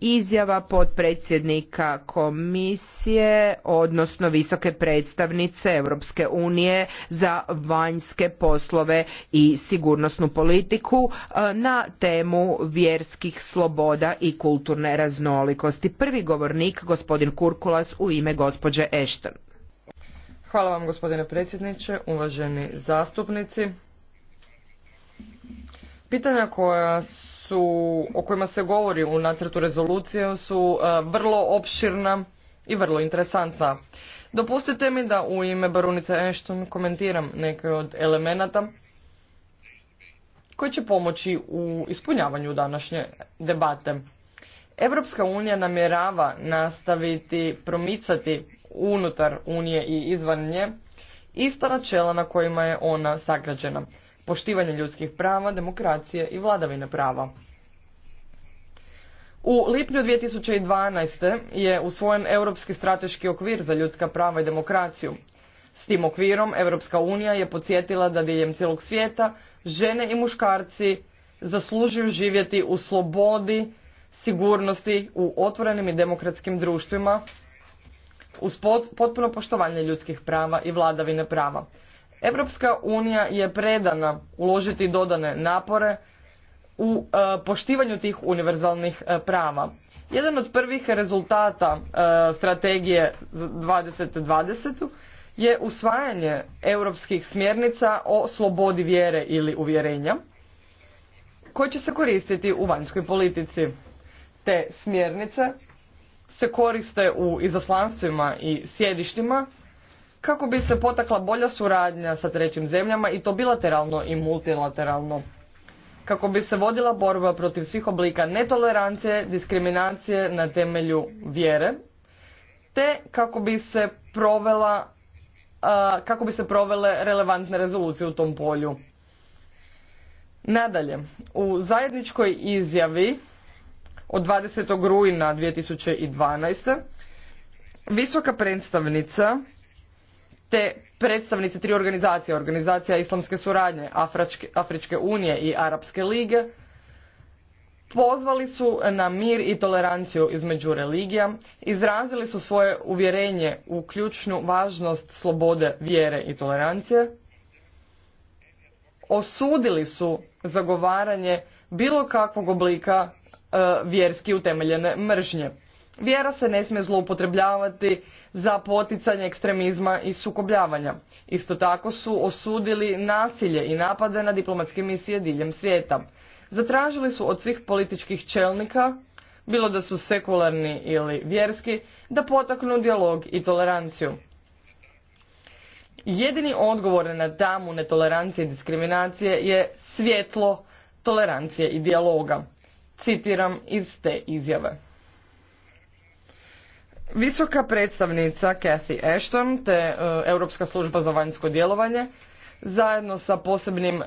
izjava potpredsjednika komisije odnosno visoke predstavnice Europske unije za vanjske poslove i sigurnosnu politiku e, na temu vjerskih sloboda i kulturne raznolikosti. Prvi govornik gospodin Kurkulas u ime gospođe Ešton. Hvala vam gospodine predsjedniče, uvaženi zastupnici. Pitanja koja su su, o kojima se govori u nacrtu rezolucije su e, vrlo opširna i vrlo interesantna. Dopustite mi da u ime barunice Ashton komentiram neke od elemenata koji će pomoći u ispunjavanju današnje debate. Europska unija namjerava nastaviti promicati unutar unije i izvan nje ista načela na kojima je ona sagrađena poštivanje ljudskih prava, demokracije i vladavine prava. U lipnju 2012. je usvojen Europski strateški okvir za ljudska prava i demokraciju. S tim okvirom Europska unija je podsjetila da diljem cijelog svijeta žene i muškarci zaslužuju živjeti u slobodi, sigurnosti, u otvorenim i demokratskim društvima uz potpuno poštovanje ljudskih prava i vladavine prava. Europska unija je predana uložiti dodane napore u e, poštivanju tih univerzalnih e, prava. Jedan od prvih rezultata e, strategije 2020 je usvajanje europskih smjernica o slobodi vjere ili uvjerenja koje će se koristiti u vanjskoj politici. Te smjernice se koriste u izaslanstvima i sjedištima kako bi se potakla bolja suradnja sa trećim zemljama i to bilateralno i multilateralno. Kako bi se vodila borba protiv svih oblika netolerancije, diskriminacije na temelju vjere, te kako bi se kako bi se provele relevantne rezolucije u tom polju. Nadalje, u zajedničkoj izjavi od 20. rujna 2012. visoka predstavnica te predstavnici tri organizacije, organizacija islamske suradnje, Afričke, unije i Arapske lige, pozvali su na mir i toleranciju između religija, izrazili su svoje uvjerenje u ključnu važnost slobode vjere i tolerancije, osudili su zagovaranje bilo kakvog oblika e, vjerski utemeljene mržnje Vjera se ne smije zloupotrebljavati za poticanje ekstremizma i sukobljavanja. Isto tako su osudili nasilje i napade na diplomatske misije diljem svijeta. Zatražili su od svih političkih čelnika, bilo da su sekularni ili vjerski, da potaknu dijalog i toleranciju. Jedini odgovor na tamu netolerancije i diskriminacije je svjetlo tolerancije i dijaloga. Citiram iz te izjave. Visoka predstavnica Cathy Ashton te e, Europska služba za vanjsko djelovanje zajedno sa posebnim e,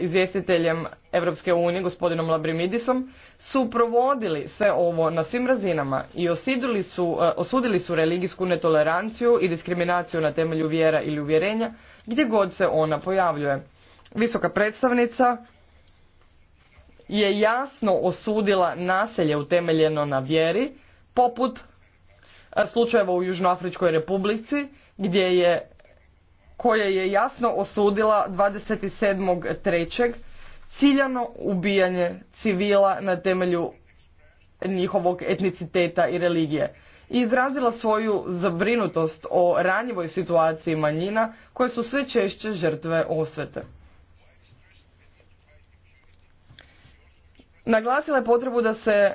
izvjestiteljem Europske unije, gospodinom Labrimidisom, su provodili sve ovo na svim razinama i osudili su, e, osudili su religijsku netoleranciju i diskriminaciju na temelju vjera ili uvjerenja, gdje god se ona pojavljuje. Visoka predstavnica je jasno osudila naselje utemeljeno na vjeri, poput slučajeva u Južnoafričkoj republici gdje je koje je jasno osudila 27.3. ciljano ubijanje civila na temelju njihovog etniciteta i religije i izrazila svoju zabrinutost o ranjivoj situaciji manjina koje su sve češće žrtve osvete. Naglasila je potrebu da se e,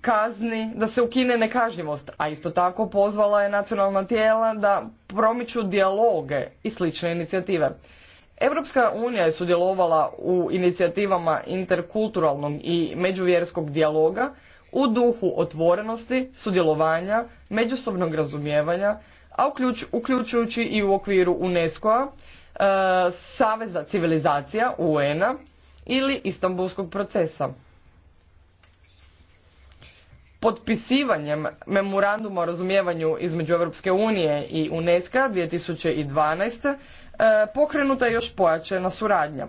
kazni, da se ukine nekažnjivost, a isto tako pozvala je nacionalna tijela da promiču dijaloge i slične inicijative. Europska unija je sudjelovala u inicijativama interkulturalnog i međuvjerskog dijaloga u duhu otvorenosti, sudjelovanja, međusobnog razumijevanja, a uključujući i u okviru UNESCO-a, e, Saveza civilizacija UN-a ili Istanbulskog procesa potpisivanjem memoranduma o razumijevanju između Europske unije i UNESCO 2012. E, pokrenuta je još pojačana suradnja.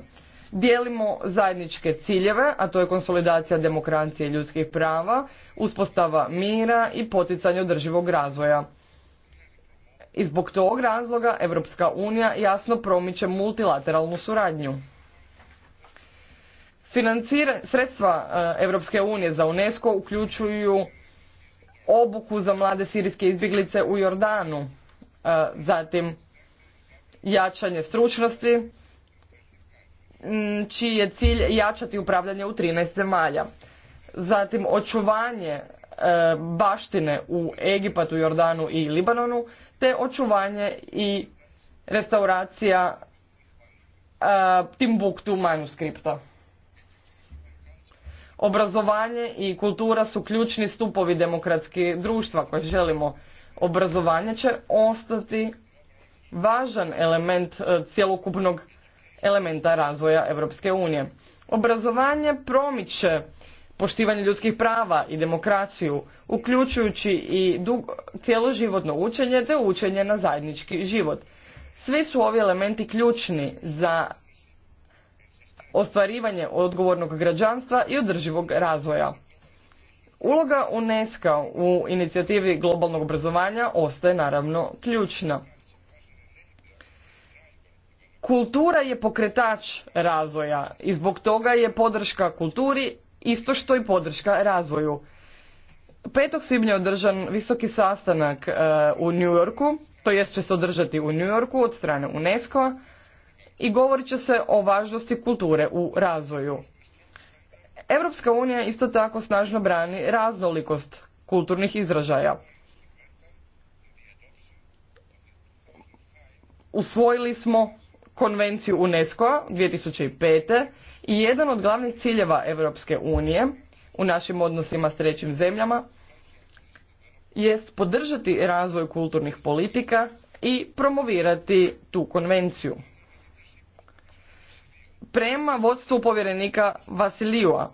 Dijelimo zajedničke ciljeve, a to je konsolidacija demokracije i ljudskih prava, uspostava mira i poticanje održivog razvoja. I zbog tog razloga Europska unija jasno promiče multilateralnu suradnju. Financira, sredstva Europske eh, unije za UNESCO uključuju obuku za mlade sirijske izbjeglice u Jordanu, eh, zatim jačanje stručnosti, mm, čiji je cilj jačati upravljanje u 13 zemalja. Zatim očuvanje eh, baštine u Egipatu, Jordanu i Libanonu, te očuvanje i restauracija Timbuktu manuskripta. Obrazovanje i kultura su ključni stupovi demokratskih društva koje želimo. Obrazovanje će ostati važan element e, cjelokupnog elementa razvoja Europske unije. Obrazovanje promiče poštivanje ljudskih prava i demokraciju, uključujući i dug, cjeloživotno učenje te učenje na zajednički život. Svi su ovi elementi ključni za ostvarivanje odgovornog građanstva i održivog razvoja. Uloga UNESCO u inicijativi globalnog obrazovanja ostaje naravno ključna. Kultura je pokretač razvoja i zbog toga je podrška kulturi isto što i podrška razvoju. 5. svibnja je održan visoki sastanak e, u New Yorku, to jest će se održati u New Yorku od strane UNESCO-a i govorit će se o važnosti kulture u razvoju. Europska unija isto tako snažno brani raznolikost kulturnih izražaja. Usvojili smo konvenciju UNESCO-a 2005. i jedan od glavnih ciljeva Europske unije u našim odnosima s trećim zemljama jest podržati razvoj kulturnih politika i promovirati tu konvenciju prema vodstvu povjerenika Vasilijua.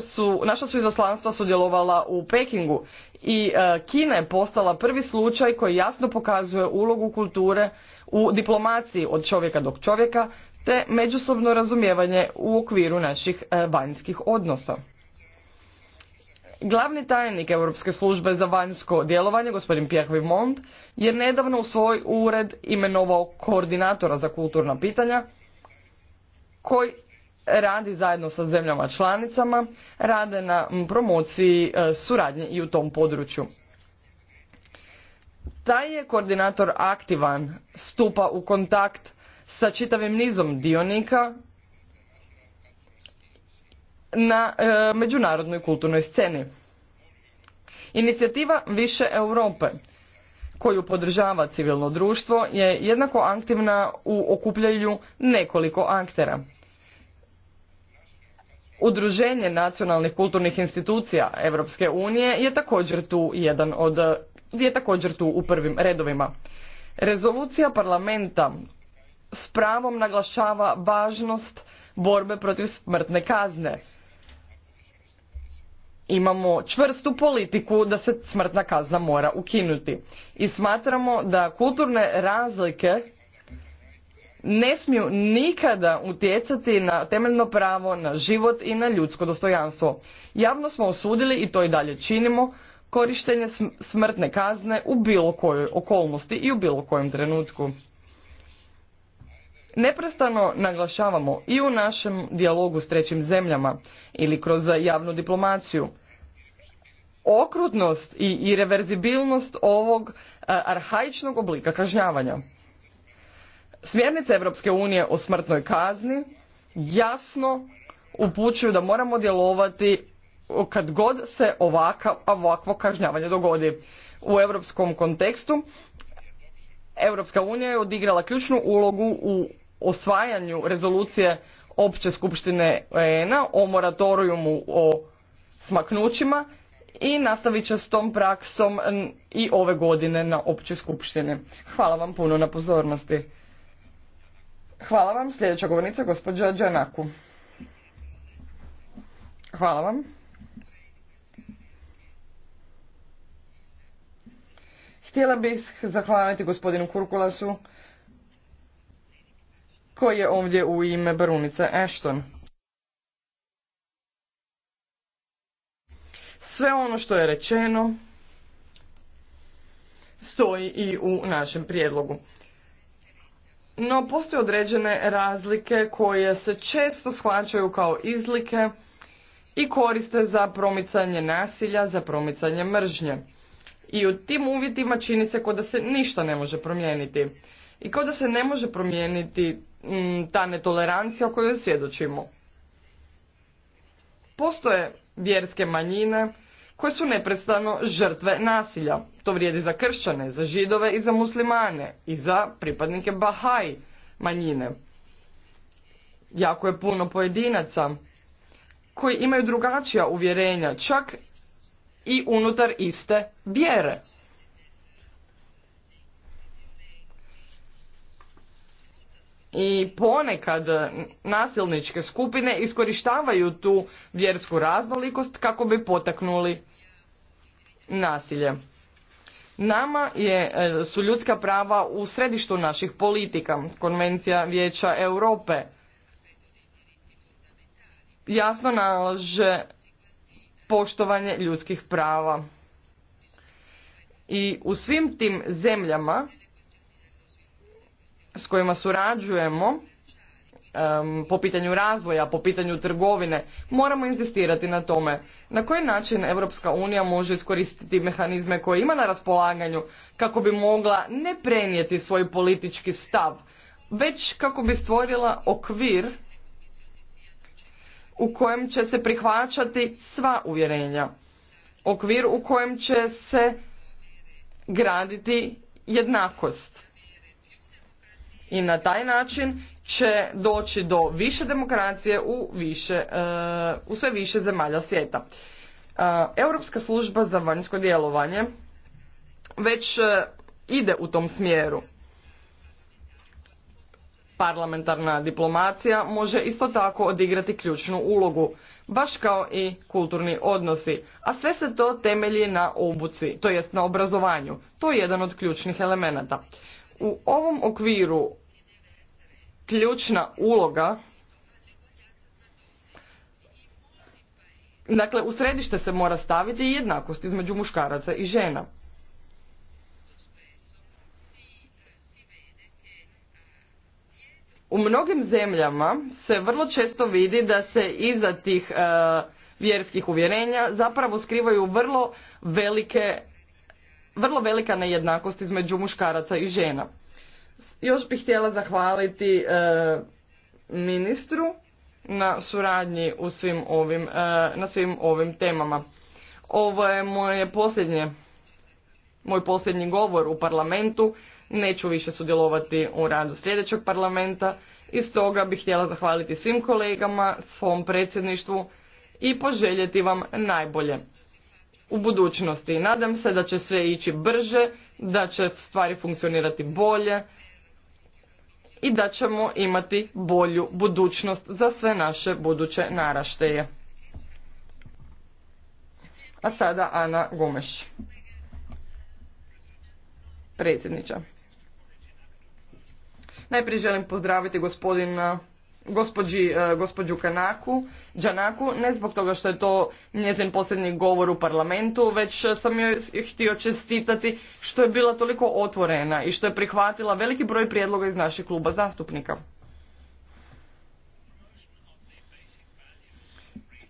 su, naša su izaslanstva sudjelovala u Pekingu i e, Kina je postala prvi slučaj koji jasno pokazuje ulogu kulture u diplomaciji od čovjeka do čovjeka te međusobno razumijevanje u okviru naših e, vanjskih odnosa glavni tajnik Europske službe za vanjsko djelovanje, gospodin Pierre Vimont, je nedavno u svoj ured imenovao koordinatora za kulturna pitanja, koji radi zajedno sa zemljama članicama, rade na promociji e, suradnje i u tom području. Taj je koordinator aktivan, stupa u kontakt sa čitavim nizom dionika na e, međunarodnoj kulturnoj sceni. Inicijativa Više Europe koju podržava civilno društvo je jednako aktivna u okupljanju nekoliko aktera. Udruženje nacionalnih kulturnih institucija Europske unije je također tu jedan od je također tu u prvim redovima. Rezolucija parlamenta s pravom naglašava važnost borbe protiv smrtne kazne imamo čvrstu politiku da se smrtna kazna mora ukinuti. I smatramo da kulturne razlike ne smiju nikada utjecati na temeljno pravo, na život i na ljudsko dostojanstvo. Javno smo osudili i to i dalje činimo korištenje smrtne kazne u bilo kojoj okolnosti i u bilo kojem trenutku. Neprestano naglašavamo i u našem dijalogu s trećim zemljama ili kroz javnu diplomaciju. Okrutnost i irreverzibilnost ovog e, arhaičnog oblika kažnjavanja. Smjernice Europske unije o smrtnoj kazni jasno upućuju da moramo djelovati kad god se ovaka, ovakvo kažnjavanje dogodi. U europskom kontekstu Europska unija je odigrala ključnu ulogu u osvajanju rezolucije opće skupštine un e o moratorijumu o smaknućima i nastavit će s tom praksom i ove godine na opće skupštine. Hvala vam puno na pozornosti. Hvala vam. Sljedeća govornica gospođa Đanaku. Hvala vam. Htjela bih zahvaliti gospodinu Kurkulasu koji je ovdje u ime brunice Ashton. Sve ono što je rečeno stoji i u našem prijedlogu. No, postoje određene razlike koje se često shvaćaju kao izlike i koriste za promicanje nasilja, za promicanje mržnje. I u tim uvjetima čini se kao da se ništa ne može promijeniti. I kao da se ne može promijeniti Mm, ta netolerancija o kojoj svjedočimo. Postoje vjerske manjine koje su neprestano žrtve nasilja. To vrijedi za kršćane, za židove i za muslimane i za pripadnike Bahaj manjine. Jako je puno pojedinaca koji imaju drugačija uvjerenja, čak i unutar iste vjere. i ponekad nasilničke skupine iskorištavaju tu vjersku raznolikost kako bi potaknuli nasilje. Nama je, e, su ljudska prava u središtu naših politika, konvencija Vijeća Europe jasno nalaže poštovanje ljudskih prava. I u svim tim zemljama s kojima surađujemo po pitanju razvoja, po pitanju trgovine, moramo inzistirati na tome na koji način Europska unija može iskoristiti mehanizme koje ima na raspolaganju kako bi mogla ne prenijeti svoj politički stav, već kako bi stvorila okvir u kojem će se prihvaćati sva uvjerenja, okvir u kojem će se graditi jednakost i na taj način će doći do više demokracije u, više, e, u sve više zemalja svijeta. E, Europska služba za vanjsko djelovanje već e, ide u tom smjeru. Parlamentarna diplomacija može isto tako odigrati ključnu ulogu, baš kao i kulturni odnosi, a sve se to temelji na obuci, to jest na obrazovanju. To je jedan od ključnih elemenata. U ovom okviru ključna uloga Dakle, u središte se mora staviti jednakost između muškaraca i žena. U mnogim zemljama se vrlo često vidi da se iza tih e, vjerskih uvjerenja zapravo skrivaju vrlo velike, vrlo velika nejednakost između muškaraca i žena. Još bih htjela zahvaliti e, ministru na suradnji u svim ovim, e, na svim ovim temama. Ovo je moje posljednje, moj posljednji govor u parlamentu. Neću više sudjelovati u radu sljedećeg parlamenta i stoga bih htjela zahvaliti svim kolegama, svom predsjedništvu i poželjeti vam najbolje u budućnosti. Nadam se da će sve ići brže, da će stvari funkcionirati bolje i da ćemo imati bolju budućnost za sve naše buduće narašteje. A sada Ana Gomeš, Predsjedniča. Najprije želim pozdraviti gospodina gospođi, e, gospođu Kanaku, ne zbog toga što je to njezin posljednji govor u parlamentu, već sam joj htio čestitati što je bila toliko otvorena i što je prihvatila veliki broj prijedloga iz našeg kluba zastupnika.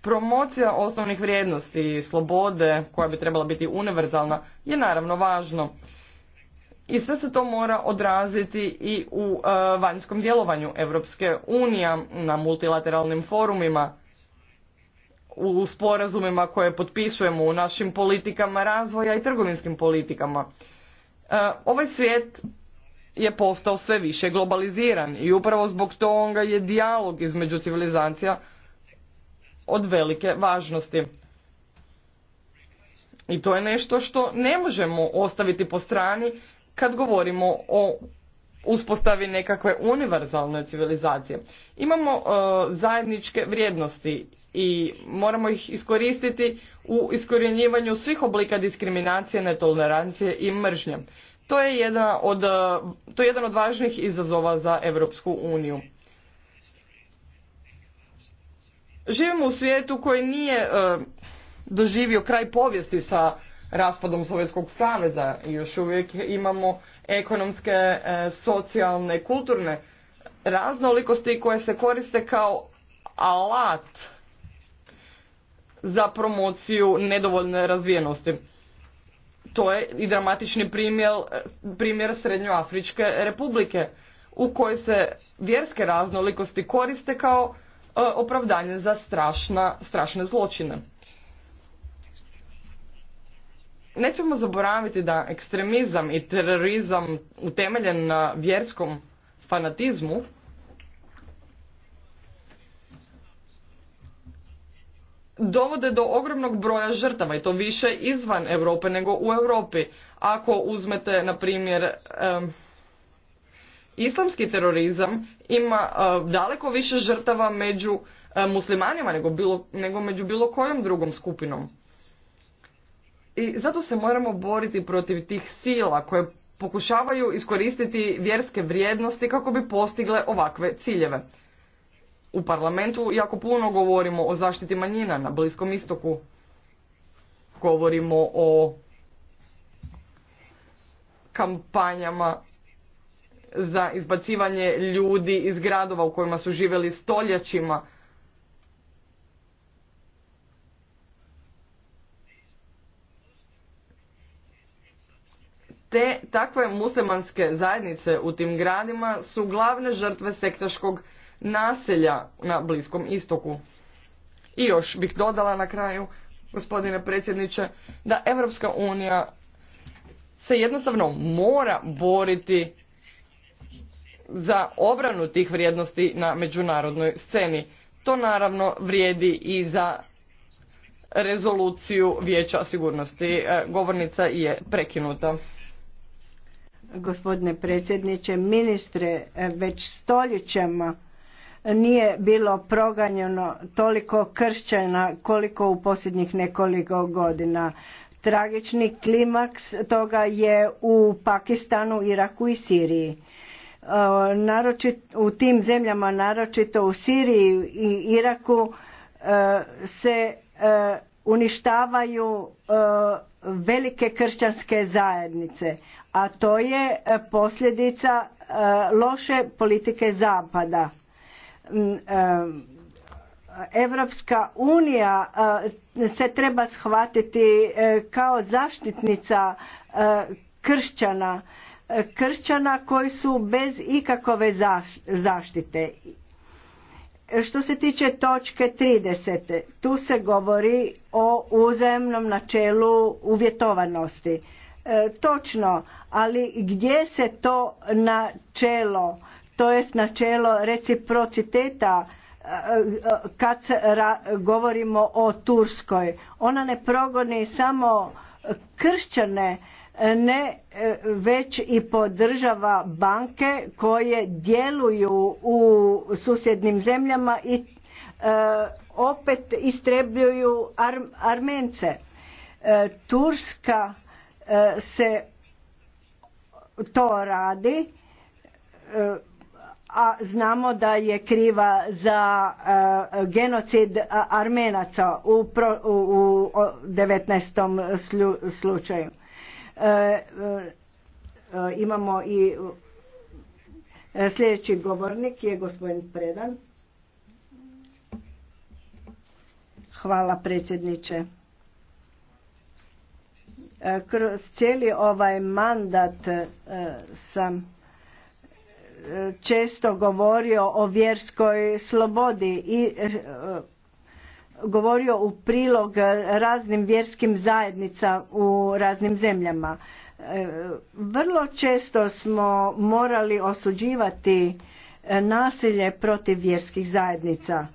Promocija osnovnih vrijednosti i slobode, koja bi trebala biti univerzalna, je naravno važno i sve se to mora odraziti i u e, vanjskom djelovanju Europske unije na multilateralnim forumima, u sporazumima koje potpisujemo u našim politikama razvoja i trgovinskim politikama. E, ovaj svijet je postao sve više globaliziran i upravo zbog toga je dijalog između civilizacija od velike važnosti. I to je nešto što ne možemo ostaviti po strani kad govorimo o uspostavi nekakve univerzalne civilizacije. Imamo e, zajedničke vrijednosti i moramo ih iskoristiti u iskorjenjivanju svih oblika diskriminacije, netolerancije i mržnje. To je, jedna od, e, to je jedan od važnih izazova za Europsku uniju. Živimo u svijetu koji nije e, doživio kraj povijesti sa raspadom Sovjetskog saveza još uvijek imamo ekonomske, e, socijalne, kulturne raznolikosti koje se koriste kao alat za promociju nedovoljne razvijenosti. To je i dramatični primjer, primjer Srednjoafričke republike u kojoj se vjerske raznolikosti koriste kao e, opravdanje za strašna, strašne zločine ne smijemo zaboraviti da ekstremizam i terorizam utemeljen na vjerskom fanatizmu dovode do ogromnog broja žrtava i to više izvan Europe nego u Europi. Ako uzmete, na primjer, islamski terorizam ima e, daleko više žrtava među e, muslimanima nego, bilo, nego među bilo kojom drugom skupinom. I zato se moramo boriti protiv tih sila koje pokušavaju iskoristiti vjerske vrijednosti kako bi postigle ovakve ciljeve. U parlamentu jako puno govorimo o zaštiti manjina na Bliskom istoku. Govorimo o kampanjama za izbacivanje ljudi iz gradova u kojima su živjeli stoljećima te takve muslimanske zajednice u tim gradima su glavne žrtve sektaškog naselja na Bliskom istoku. I još bih dodala na kraju, gospodine predsjedniče, da Europska unija se jednostavno mora boriti za obranu tih vrijednosti na međunarodnoj sceni. To naravno vrijedi i za rezoluciju Vijeća sigurnosti. E, govornica je prekinuta gospodine predsjedniče, ministre, već stoljećama nije bilo proganjeno toliko kršćana koliko u posljednjih nekoliko godina. Tragični klimaks toga je u Pakistanu, Iraku i Siriji. Naročit, u tim zemljama, naročito u Siriji i Iraku, e, se e, uništavaju e, velike kršćanske zajednice a to je e, posljedica e, loše politike zapada. Mm, e, Evropska unija se treba shvatiti kao zaštitnica kršćana, kršćana koji su bez ikakove zaštite. Što se tiče točke 30, tu se govori o uzajemnom načelu uvjetovanosti E, točno, ali gdje se to načelo, to jest načelo reciprociteta e, kad govorimo o Turskoj. Ona ne progoni samo kršćane, ne e, već i podržava banke koje djeluju u susjednim zemljama i opet istrebljuju Armence. Turska se to radi e, a znamo da je kriva za e, genocid Armenaca u 19. slučaju. E, imamo i sljedeći govornik je gospodin Predan. Hvala predsjedniče. Kroz cijeli ovaj mandat e, sam e, često govorio o vjerskoj slobodi i e, govorio u prilog raznim vjerskim zajednica u raznim zemljama. Vrlo često smo morali osuđivati nasilje protiv vjerskih zajednica.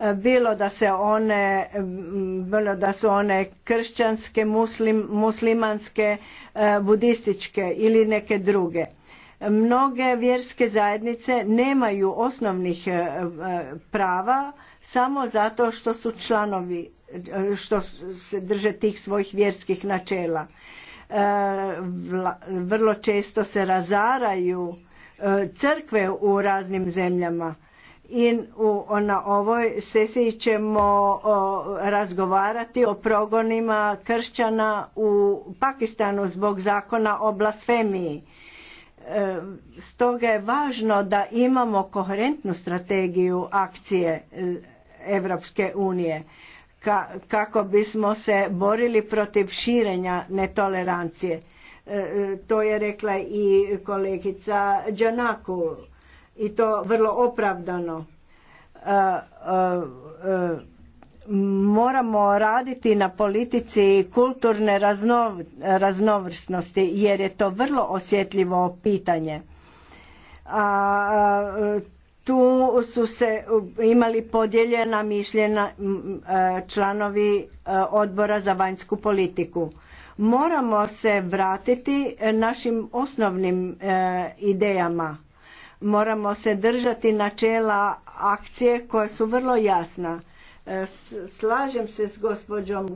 E, bilo da se one bilo da su one kršćanske muslim, muslimanske e, budističke ili neke druge mnoge vjerske zajednice nemaju osnovnih e, prava samo zato što su članovi što se drže tih svojih vjerskih načela vrlo često se razaraju crkve u raznim zemljama i na ovoj sesiji ćemo razgovarati o progonima kršćana u Pakistanu zbog zakona o blasfemiji. E, stoga je važno da imamo koherentnu strategiju akcije e, Evropske unije kako bismo se borili protiv širenja netolerancije. E, to je rekla i kolegica Đanaku i to vrlo opravdano. E, e, e, moramo raditi na politici kulturne raznovrsnosti jer je to vrlo osjetljivo pitanje. A tu su se imali podijeljena mišljena članovi odbora za vanjsku politiku. Moramo se vratiti našim osnovnim idejama Moramo se držati načela akcije koja su vrlo jasna. E, slažem se s gospođom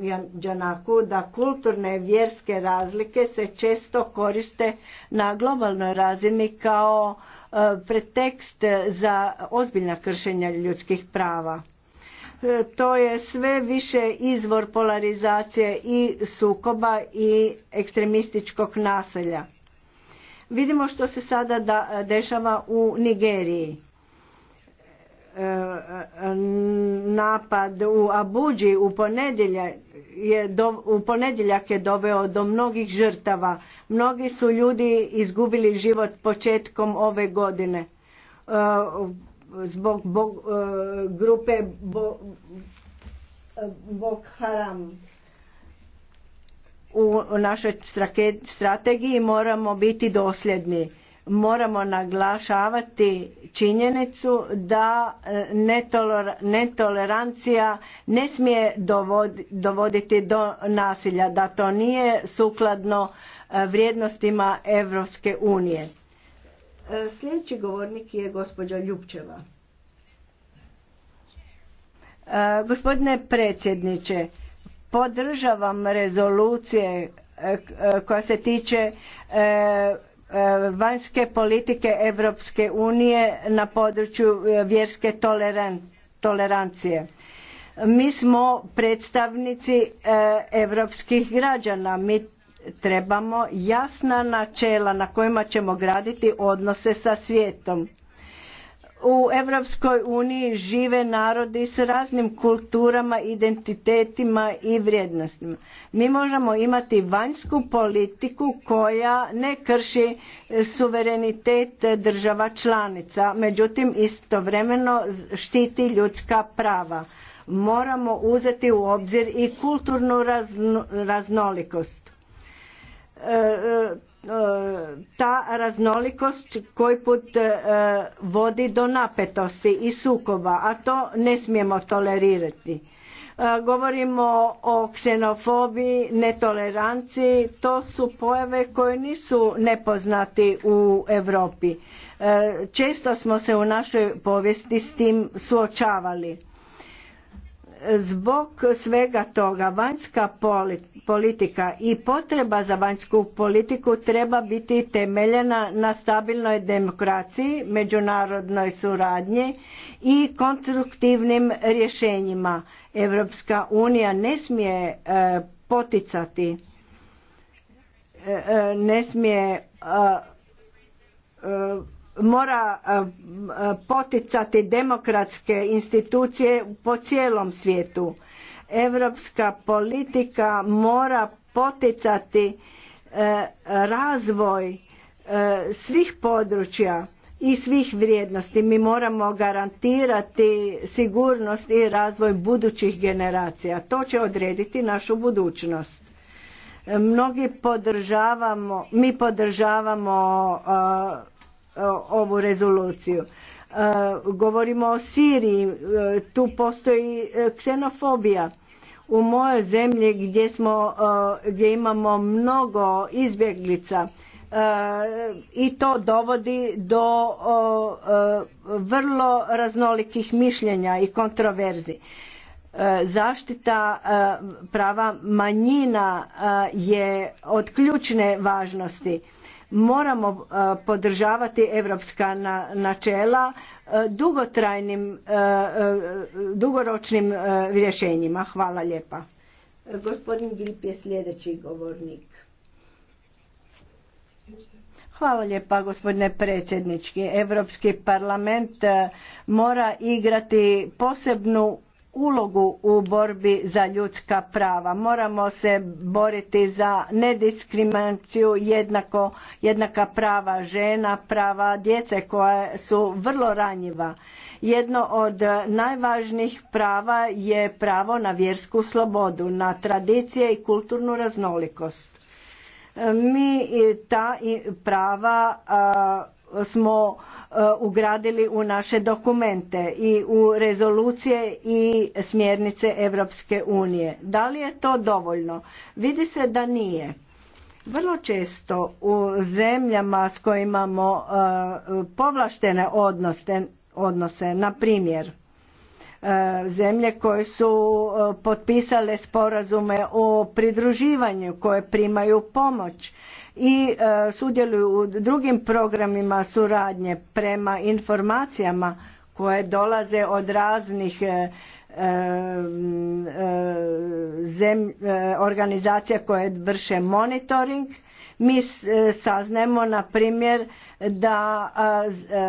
Janaku da kulturne vjerske razlike se često koriste na globalnoj razini kao e, pretekst za ozbiljna kršenja ljudskih prava. E, to je sve više izvor polarizacije i sukoba i ekstremističkog naselja Vidimo što se sada da, dešava u Nigeriji. E, napad u Abuđi u ponedjeljak je, u ponedjeljak je doveo do mnogih žrtava. Mnogi su ljudi izgubili život početkom ove godine e, zbog e, grupe bo, Haram u našoj strategiji moramo biti dosljedni. Moramo naglašavati činjenicu da e, netolerancija ne smije dovoditi do nasilja, da to nije sukladno e, vrijednostima Europske unije. E, sljedeći govornik je gospođa Ljubčeva. Gospodine predsjedniče, Podržavam rezolucije e, koja se tiče e, e, vanjske politike Europske unije na području vjerske tolerancije. Mi smo predstavnici europskih građana, mi trebamo jasna načela na kojima ćemo graditi odnose sa svijetom u Europskoj uniji žive narodi s raznim kulturama, identitetima i vrijednostima. Mi možemo imati vanjsku politiku koja ne krši suverenitet država članica, međutim istovremeno štiti ljudska prava. Moramo uzeti u obzir i kulturnu raznolikost e, e, ta raznolikost koji put e, vodi do napetosti i sukoba, a to ne smijemo tolerirati. E, govorimo o ksenofobiji, netoleranciji, to su pojave koje nisu nepoznati u Europi. E, često smo se u našoj povijesti s tim suočavali Zbog svega toga vanjska politika i potreba za vanjsku politiku treba biti temeljena na stabilnoj demokraciji, međunarodnoj suradnji i konstruktivnim rješenjima. Europska unija ne smije e, poticati, e, e, ne smije mora eh, poticati demokratske institucije po cijelom svijetu. Europska politika mora poticati eh, razvoj eh, svih područja i svih vrijednosti. Mi moramo garantirati sigurnost i razvoj budućih generacija. To će odrediti našu budućnost. Mnogi podržavamo, mi podržavamo E, ovu rezoluciju. E, govorimo o Siriji, e, tu postoji ksenofobija. U mojoj zemlji gdje, smo, gdje imamo mnogo izbjeglica i to dovodi do vrlo raznolikih mišljenja i kontroverzi zaštita prava manjina je od ključne važnosti moramo e, podržavati europska načela e, dugotrajnim e, dugoročnim rješenjima hvala lijepa gospodin Grip je sljedeći govornik Hvala lijepa gospodine predsjednički. Europski parlament mora igrati posebnu ulogu u borbi za ljudska prava. Moramo se boriti za nediskriminaciju, jednako, jednaka prava žena, prava djece koja su vrlo ranjiva. Jedno od najvažnijih prava je pravo na vjersku slobodu, na tradicije i kulturnu raznolikost. Mi ta prava smo E, ugradili u naše dokumente i u rezolucije i smjernice Europske unije. Da li je to dovoljno? Vidi se da nije. Vrlo često u zemljama s kojima imamo e, povlaštene odnose, odnose na primjer e, zemlje koje su potpisale sporazume o pridruživanju koje primaju pomoć i e, sudjeluju u drugim programima suradnje prema informacijama koje dolaze od raznih e, e, organizacija koje vrše monitoring. Mi saznemo na primjer da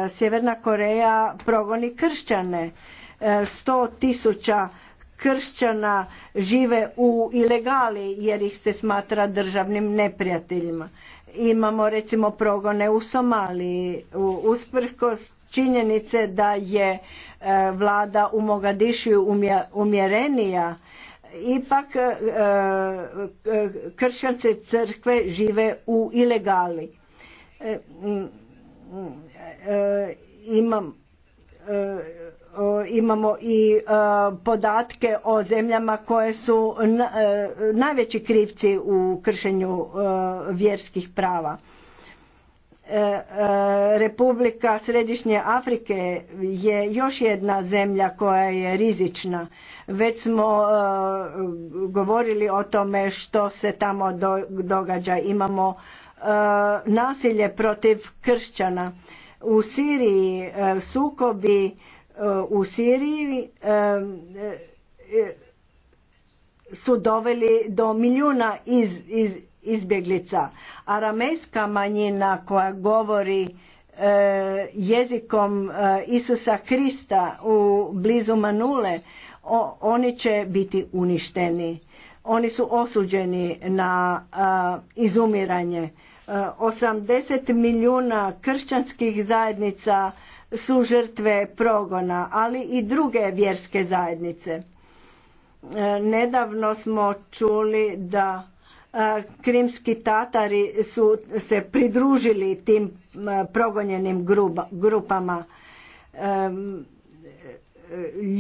Sjeverna Koreja progoni kršćane. 100 tisuća kršćana žive u ilegali jer ih se smatra državnim neprijateljima. Imamo recimo progone u Somaliji usprkos činjenice da je e, vlada u Mogadišu umjerenija ipak e, e, kršćanske crkve žive u ilegali. Imam E, imamo i e, podatke o zemljama koje su e, najveći krivci u kršenju vjerskih prava. Republika Središnje Afrike je još jedna zemlja koja je rizična. Već smo govorili o tome što se tamo događa. Imamo nasilje protiv kršćana u Siriji e, sukobi e, u Siriji e, su doveli do milijuna iz, izbjeglica. Aramejska manjina koja govori jezikom Isusa Krista u blizu Manule, oni će biti uništeni. Oni su osuđeni na izumiranje. 80 milijuna kršćanskih zajednica su žrtve progona, ali i druge vjerske zajednice. E, nedavno smo čuli da e, krimski tatari su se pridružili tim e, progonjenim grupama.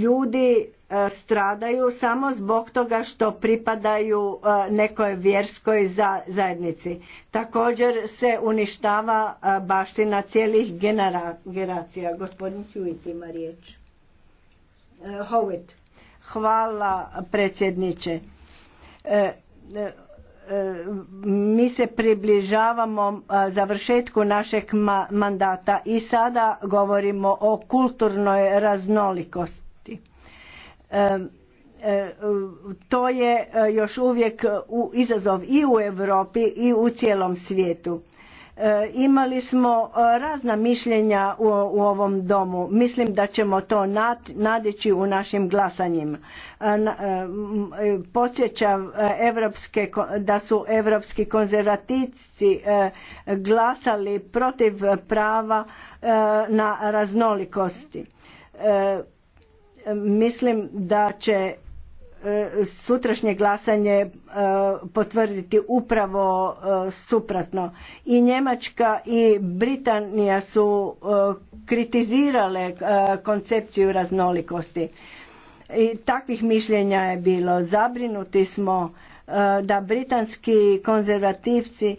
Ljudi E, stradaju samo zbog toga što pripadaju e, nekoj vjerskoj zajednici. Također se uništava e, baština cijelih generacija. Gospodin ima riječ. Hvala predsjedniče. Mi se približavamo završetku našeg mandata i sada govorimo o kulturnoj raznolikosti E, to je e, još uvijek izazov i u Europi i u cijelom svijetu. E, imali smo razna mišljenja u ovom domu. Mislim da ćemo to nadići u našim glasanjima. Podsjećam da su evropski konzervativci glasali protiv prava na raznolikosti Mislim da će e, sutrašnje glasanje e, potvrditi upravo e, suprotno. I Njemačka i Britanija su kritizirale koncepciju raznolikosti. I takvih mišljenja je bilo. Zabrinuti smo da britanski konzervativci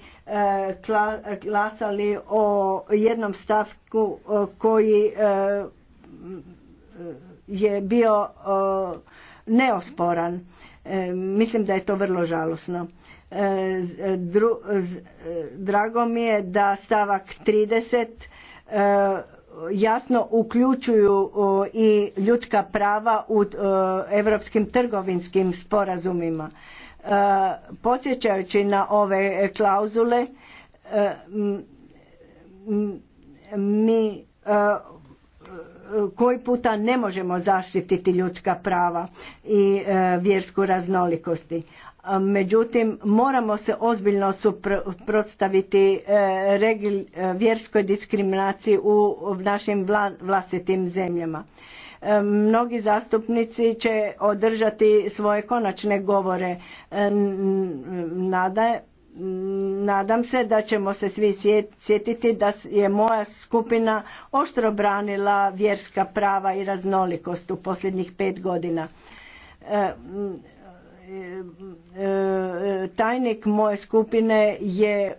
glasali o jednom stavku koji je bio neosporan. E, mislim da je to vrlo žalosno. E, drago mi je da stavak 30 e, jasno uključuju i ljudska prava u europskim trgovinskim sporazumima. Podsjećajući na ove klauzule mi koji puta ne možemo zaštititi ljudska prava i e, vjersku raznolikosti. Međutim, moramo se ozbiljno suprotstaviti e, e, vjerskoj diskriminaciji u našim vlastitim zemljama. Mnogi zastupnici će održati svoje konačne govore. Nada nadam se da ćemo se svi sjetiti da je moja skupina oštro branila vjerska prava i raznolikost u posljednjih pet godina. E, e, e, tajnik moje skupine je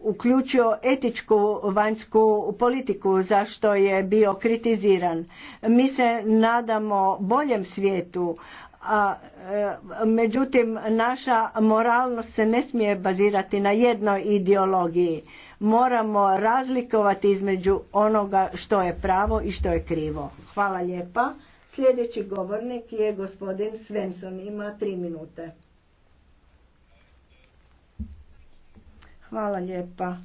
uključio etičku vanjsku politiku zašto je bio kritiziran. Mi se nadamo boljem svijetu, a e, međutim naša moralnost se ne smije bazirati na jednoj ideologiji moramo razlikovati između onoga što je pravo i što je krivo hvala lijepa sljedeći govornik je gospodin Svensson ima tri minute hvala lijepa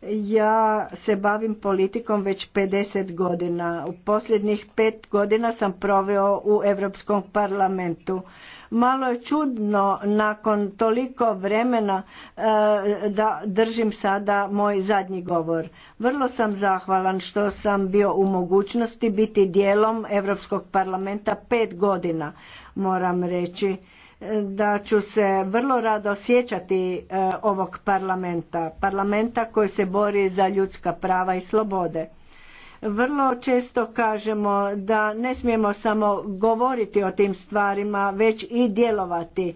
ja se bavim politikom već 50 godina. U posljednjih pet godina sam proveo u Europskom parlamentu. Malo je čudno nakon toliko vremena e, da držim sada moj zadnji govor. Vrlo sam zahvalan što sam bio u mogućnosti biti dijelom Europskog parlamenta pet godina, moram reći da ću se vrlo rado sjećati e, ovog parlamenta, parlamenta koji se bori za ljudska prava i slobode. Vrlo često kažemo da ne smijemo samo govoriti o tim stvarima, već i djelovati.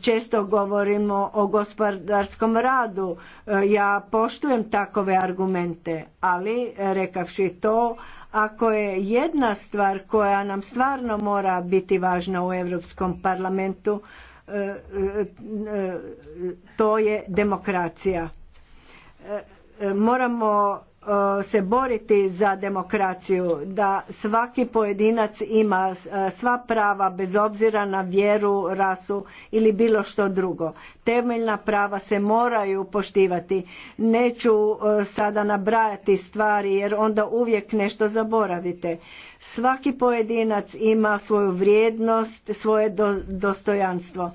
Često govorimo o gospodarskom radu. E, ja poštujem takove argumente, ali rekavši to, ako je jedna stvar koja nam stvarno mora biti važna u Europskom parlamentu, e, e, e, to je demokracija. Moramo Eh, se boriti za demokraciju, da svaki pojedinac ima eh, sva prava bez obzira na vjeru, rasu ili bilo što drugo. Temeljna prava se moraju poštivati. Neću eh, sada nabrajati stvari jer onda uvijek nešto zaboravite. Svaki pojedinac ima svoju vrijednost, svoje dostojanstvo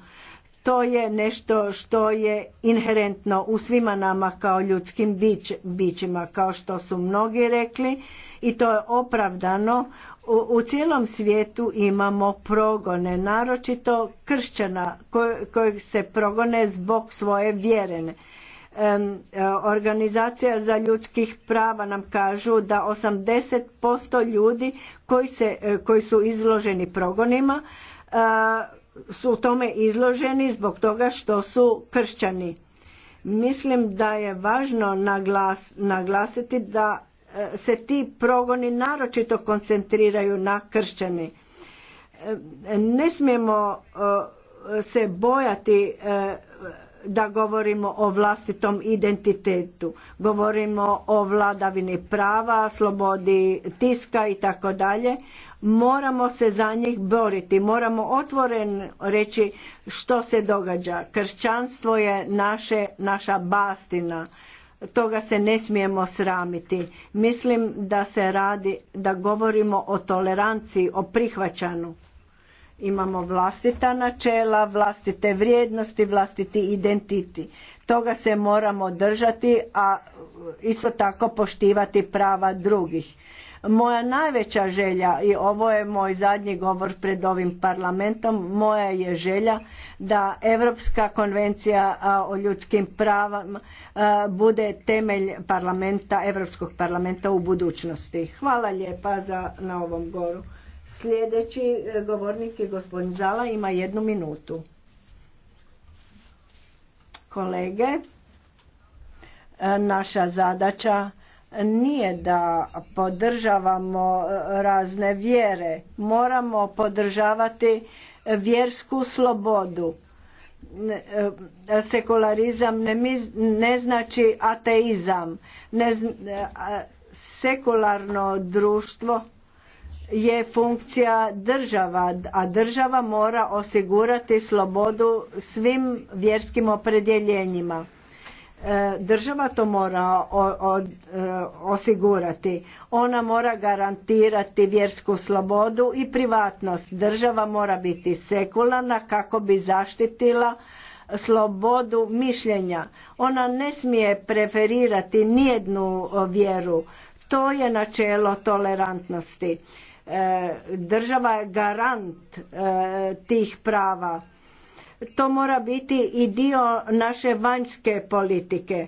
to je nešto što je inherentno u svima nama kao ljudskim bićima, kao što su mnogi rekli i to je opravdano. U, u cijelom svijetu imamo progone, naročito kršćana koji se progone zbog svoje vjerene. Organizacija za ljudskih prava nam kažu da 80% ljudi koji, se, koji su izloženi progonima su tome izloženi zbog toga što su kršćani. Mislim da je važno naglasiti da e, se ti progoni naročito koncentriraju na kršćani. E, ne smijemo e, se bojati da govorimo o vlastitom identitetu. Govorimo o vladavini prava, slobodi tiska i tako dalje moramo se za njih boriti moramo otvoren reći što se događa kršćanstvo je naše, naša bastina toga se ne smijemo sramiti mislim da se radi da govorimo o toleranciji o prihvaćanju imamo vlastita načela vlastite vrijednosti vlastiti identiti. toga se moramo držati a isto tako poštivati prava drugih moja najveća želja i ovo je moj zadnji govor pred ovim parlamentom, moja je želja da Europska konvencija o ljudskim pravama bude temelj parlamenta, Europskog parlamenta u budućnosti. Hvala lijepa za, na ovom goru. Sljedeći e, govornik je gospodin Zala, ima jednu minutu. Kolege, e, naša zadaća nije da podržavamo e, razne vjere, moramo podržavati vjersku slobodu. E, sekularizam ne, znači ateizam. E, sekularno društvo je funkcija država, a država mora osigurati slobodu svim vjerskim opredjeljenjima država to mora e, osigurati. Ona mora garantirati vjersku slobodu i privatnost. Država mora biti sekularna kako bi zaštitila slobodu mišljenja. Ona ne smije preferirati nijednu vjeru. To je načelo tolerantnosti. E, država je garant e, tih prava to mora biti i dio naše vanjske politike e,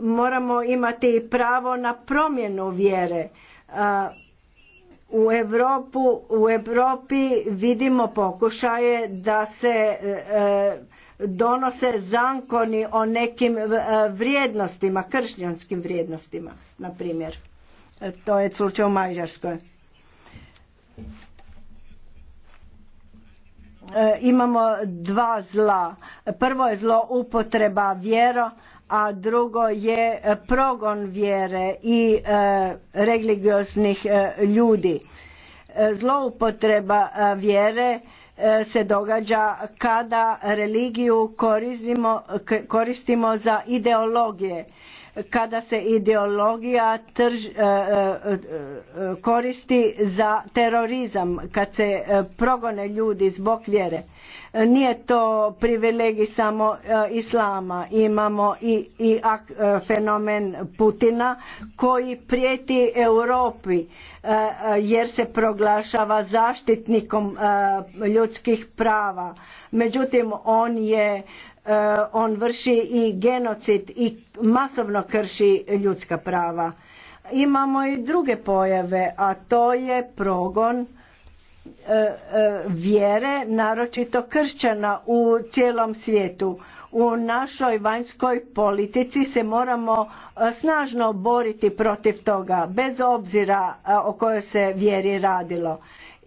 moramo imati i pravo na promjenu vjere e, u Europu u Europi vidimo pokušaje da se e, donose zankoni o nekim vrijednostima kršćanskim vrijednostima na primjer to je slučaj u Mađarskoj E, imamo dva zla. Prvo je zlo upotreba vjero, a drugo je e, progon vjere i e, religioznih ljudi. Zloupotreba vjere se događa kada religiju koristimo za ideologije kada se ideologija e, e, e, koristi za terorizam, kad se progone ljudi zbog vjere. Nije to privilegij samo islama, imamo i, i fenomen Putina koji prijeti Europi jer se proglašava zaštitnikom ljudskih prava. Međutim, on je E, on vrši i genocid i masovno krši ljudska prava. Imamo i druge pojave, a to je progon e, e, vjere, naročito kršćana u cijelom svijetu. U našoj vanjskoj politici se moramo snažno boriti protiv toga, bez obzira o kojoj se vjeri radilo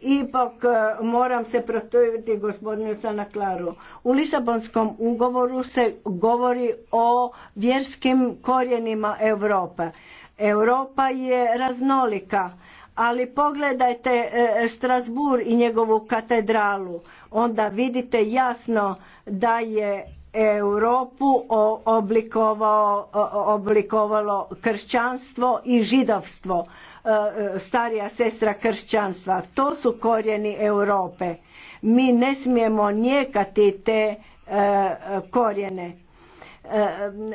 Ipak e, moram se protiviti gospodinu Sanaklaru. U Lisabonskom ugovoru se govori o vjerskim korijenima Europe. Europa je raznolika, ali pogledajte e, Strasbourg i njegovu katedralu. Onda vidite jasno da je Europu oblikovalo kršćanstvo i židovstvo Eh, starija sestra kršćanstva. To su korijeni Europe. Mi ne smijemo njekati te eh, korijene. Eh,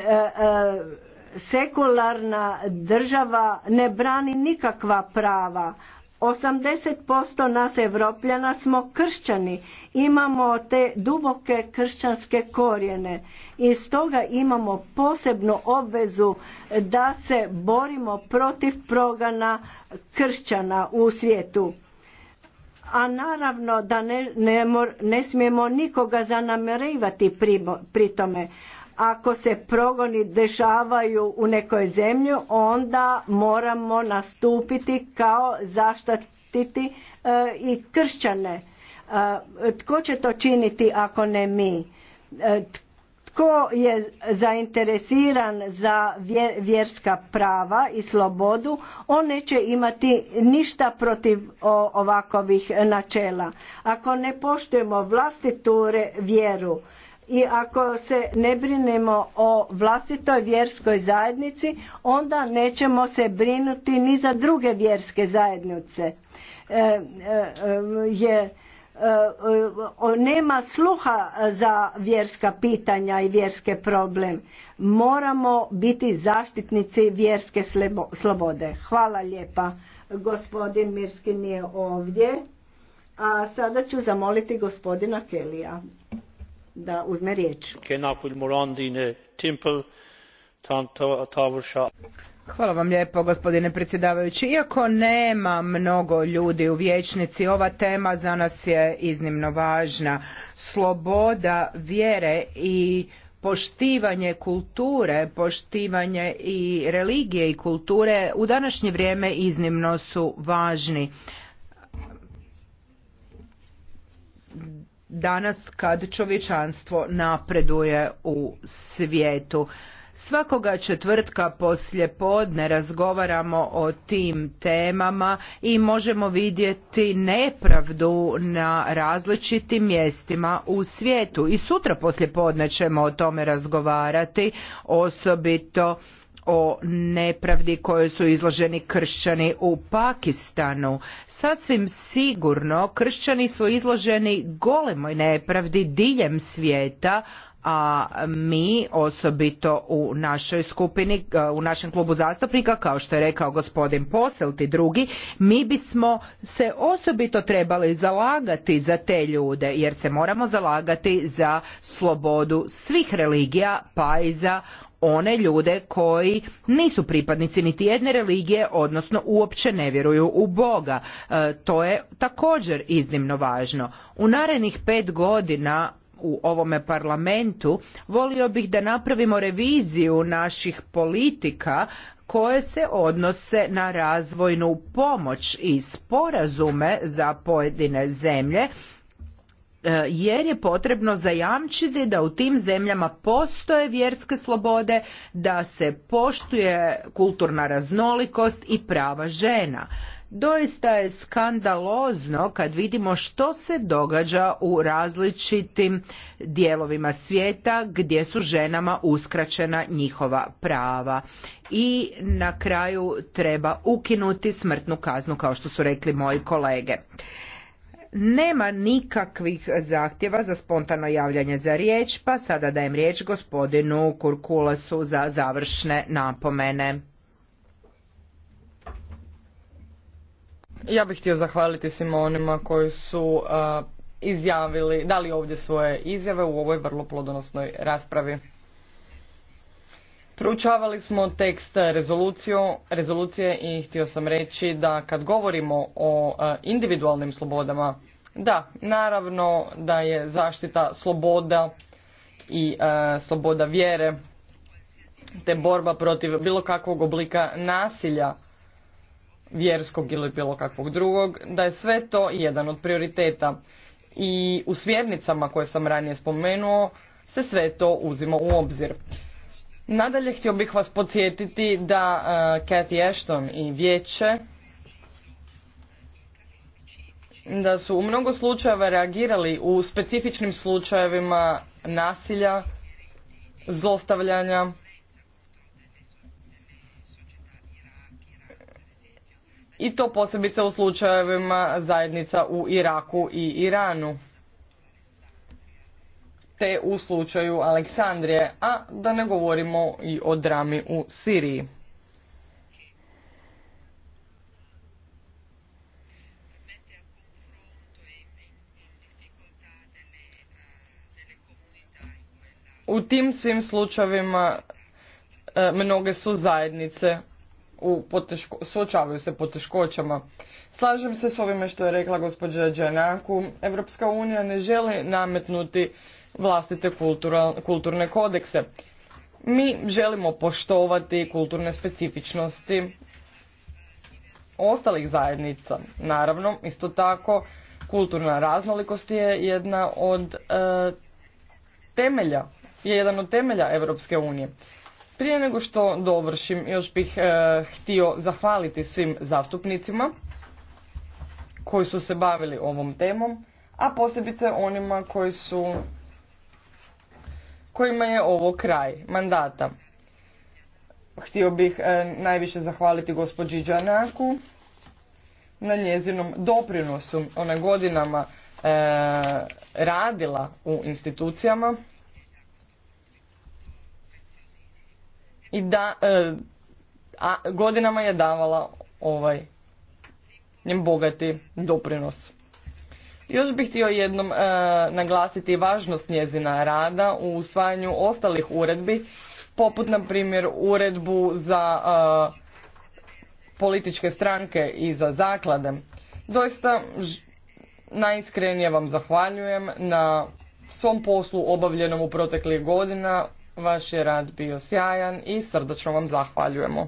sekularna država ne brani nikakva prava. 80% nas Evropljana smo kršćani. Imamo te duboke kršćanske korijene i stoga imamo posebnu obvezu da se borimo protiv progana kršćana u svijetu a naravno da ne, ne, ne smijemo nikoga zanamerivati pri, tome ako se progoni dešavaju u nekoj zemlji onda moramo nastupiti kao zaštititi e, i kršćane e, tko će to činiti ako ne mi e, tko je zainteresiran za vjerska prava i slobodu, on neće imati ništa protiv ovakovih načela. Ako ne poštujemo vlastitu vjeru i ako se ne brinemo o vlastitoj vjerskoj zajednici, onda nećemo se brinuti ni za druge vjerske zajednice. E, e, e, Jer E, e, nema sluha za vjerska pitanja i vjerske problem. Moramo biti zaštitnici vjerske slobode. Hvala lijepa. Gospodin Mirski nije ovdje. A sada ću zamoliti gospodina Kelija da uzme riječ. Hvala vam lijepo gospodine predsjedavajući. Iako nema mnogo ljudi u vijećnici, ova tema za nas je iznimno važna. Sloboda vjere i poštivanje kulture, poštivanje i religije i kulture u današnje vrijeme iznimno su važni. Danas kad čovječanstvo napreduje u svijetu Svakoga četvrtka poslje podne razgovaramo o tim temama i možemo vidjeti nepravdu na različitim mjestima u svijetu. I sutra poslje podne ćemo o tome razgovarati, osobito o nepravdi koje su izloženi kršćani u Pakistanu. Sasvim sigurno kršćani su izloženi golemoj nepravdi diljem svijeta, a mi osobito u našoj skupini, u našem klubu zastupnika, kao što je rekao gospodin Poselt i drugi, mi bismo se osobito trebali zalagati za te ljude, jer se moramo zalagati za slobodu svih religija, pa i za one ljude koji nisu pripadnici niti jedne religije, odnosno uopće ne vjeruju u Boga. E, to je također iznimno važno. U narednih pet godina u ovome parlamentu, volio bih da napravimo reviziju naših politika koje se odnose na razvojnu pomoć i sporazume za pojedine zemlje e, jer je potrebno zajamčiti da u tim zemljama postoje vjerske slobode, da se poštuje kulturna raznolikost i prava žena. Doista je skandalozno kad vidimo što se događa u različitim dijelovima svijeta gdje su ženama uskraćena njihova prava. I na kraju treba ukinuti smrtnu kaznu kao što su rekli moji kolege nema nikakvih zahtjeva za spontano javljanje za riječ, pa sada dajem riječ gospodinu Kurkulasu za završne napomene. Ja bih htio zahvaliti svima onima koji su izjavili, dali ovdje svoje izjave u ovoj vrlo plodonosnoj raspravi. Proučavali smo tekst rezolucije i htio sam reći da kad govorimo o individualnim slobodama, da, naravno da je zaštita sloboda i sloboda vjere te borba protiv bilo kakvog oblika nasilja vjerskog ili bilo kakvog drugog, da je sve to jedan od prioriteta. I u svjernicama koje sam ranije spomenuo se sve to uzima u obzir. Nadalje htio bih vas podsjetiti da uh, Cathy Ashton i vijeće da su u mnogo slučajeva reagirali u specifičnim slučajevima nasilja, zlostavljanja, i to posebice u slučajevima zajednica u Iraku i Iranu te u slučaju Aleksandrije, a da ne govorimo i o drami u Siriji. U tim svim slučajevima e, mnoge su zajednice u poteško, suočavaju se poteškoćama. Slažem se s ovime što je rekla gospođa Đenaku. Europska unija ne želi nametnuti vlastite kulturne kodekse. Mi želimo poštovati kulturne specifičnosti ostalih zajednica. Naravno, isto tako, kulturna raznolikost je jedna od e, temelja, je jedan od temelja Europske unije. Prije nego što dovršim, još bih e, htio zahvaliti svim zastupnicima koji su se bavili ovom temom, a posebice onima koji su kojima je ovo kraj mandata. Htio bih e, najviše zahvaliti gospođi Đanaku na njezinom doprinosu. Ona godinama e, radila u institucijama i da e, a godinama je davala ovaj njem bogati doprinos. Još bih htio jednom e, naglasiti važnost njezina rada u usvajanju ostalih uredbi, poput na primjer uredbu za e, političke stranke i za zaklade. Doista najiskrenije vam zahvaljujem na svom poslu obavljenom u proteklih godina Vaš je rad bio sjajan i srdačno vam zahvaljujemo.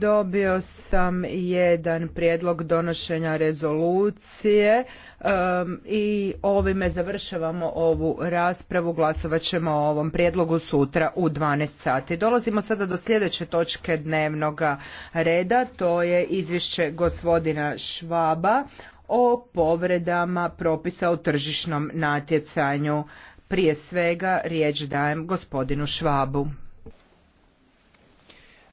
Dobio sam jedan prijedlog donošenja rezolucije um, i ovime završavamo ovu raspravu. Glasovat ćemo o ovom prijedlogu sutra u 12 sati. Dolazimo sada do sljedeće točke dnevnog reda. To je izvješće gospodina Švaba o povredama propisa o tržišnom natjecanju. Prije svega riječ dajem gospodinu Švabu.